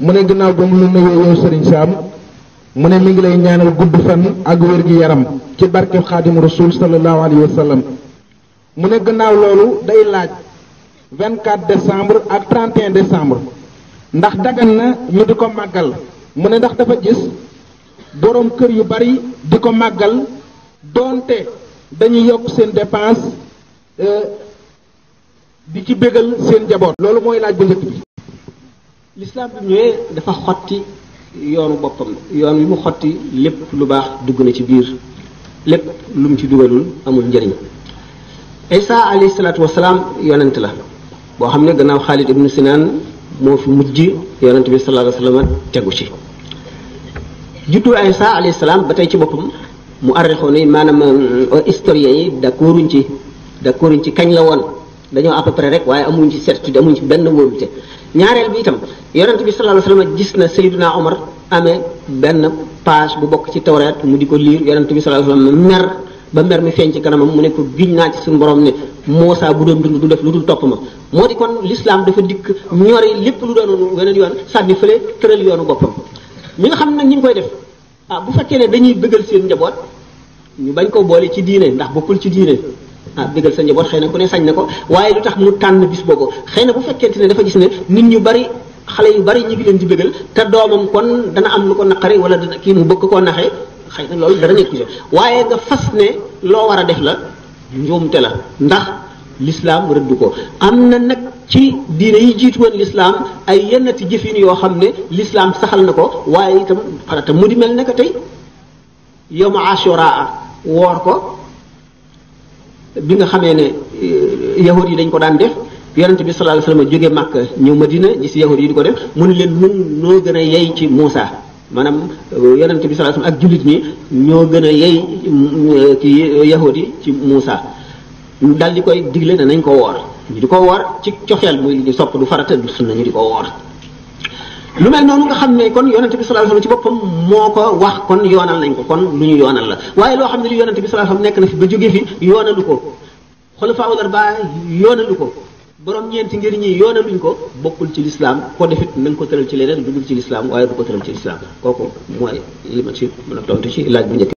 mu ne gannaaw ba mu lu nuyoo yow Serigne Sam mu ne mi ngi lay ñaanal gudd fan ak wér gi yaram ci barkeb xaadim rasul sallallahu alayhi wa sallam mu ne gannaaw loolu day laaj 24 décembre ak 31 décembre ndax dagan na ñu di ko màggal mu ne ndax dafa gis boroom kër yu bari di ko màggal doonte dañuy yokk seen dépense bi euh, ci bégal seen jaboot loolu mooy laaj bu njëkk bi lislaam bi ñëwee dafa xotti yoonu boppam yoon wi mu xotti lépp lu baax dugg na ci biir lépp lu mu ci dugalul amul njëriñ isa alayhi salaatu wasalaam yonent la boo xam ne gannaaw xaalid ibnu sinaan moo fi mujj yonent bi sallallahu alayhi tegu ci juddu isa alayhi salaam ba tey ci boppam mu arrixoon yi maanaam euh, historien yi d'accorduñ ci d'accorduñ ci kañ la woon dañoo à peu rek waaye amuñ ci certitude amuñ ci benn wóolute ñaareel bi itam yonent bi sallallahu alayhi wasallam gis na Seydina Omar amee benn page bu bokk ci tawreet mu di ko liir yonent bi sallallahu alayhi wasallam mer ba mer mi feeñ ci kanamam mu ne ko giñ naa ci suñu borom ne Moussa bu doon dund du def lu dul topp ma moo di kon l'islam dafa dikk ñori lépp lu doon weneen yoon sànni fële tëral yoonu boppam ñi nga xam nag ñi ngi koy def ah bu fekkee ne dañuy bëggal seen njaboot ñu bañ ko boole ci diine ndax bokkul ci diine ah bégal sa njaboot xëy na ku ne sañ na ko waaye lu tax mu tànn bis boobu xëy na bu fekkente ne dafa gis ne nit ñu bari xale yu bari ñu leen di bégal te doomam kon dana am lu ko naqari wala dana kii mu bëgg koo naxee xëy na loolu dara nekku waaye nga fas ne loo war a def la njuumte la ndax lislaam rëdd ko am na nag ci diine yi jiit woon lislaam ay yennati jëfin yoo xam ne lislaam saxal na ko waaye itam farata mu di mel ne que tey yow ma asura ko bi nga xamee ne yahud yi dañ ko daan def yonente bi sallallahu alayhi wasallam jóge Makka ñëw Madina gis yahud yi di ko def mu ne leen nun noo gën a yey ci Muusa maanaam yonente bi sallallahu alayhi wasallam ak jullit ñi ñoo gën a yey ci yahud yi ci ñu dal di koy digle ne nañ ko woor ñu di ko woor ci coxeel muy ñu sopp du farata du sunna ñu di ko woor lu mel noonu nga xam ne kon yonente bi sallallahu alayhi wasallam ci boppam moo ko wax kon yoonal nañ ko kon lu ñu yoonal la waaye loo xam ne li yonente bi sallallahu alayhi nekk na fi ba jóge fi yoonalu ko xulafaa ul arbaa yoonalu ko borom ñeenti ngir ñi yoonaluñ ko bokkul ci lislaam koo defit nañ nga ko tëral ci leneen dugul ci lislaam waaye du ko tëral ci lislaam kooku mooy li ma ci mën a tontu ci laaj bu njëkk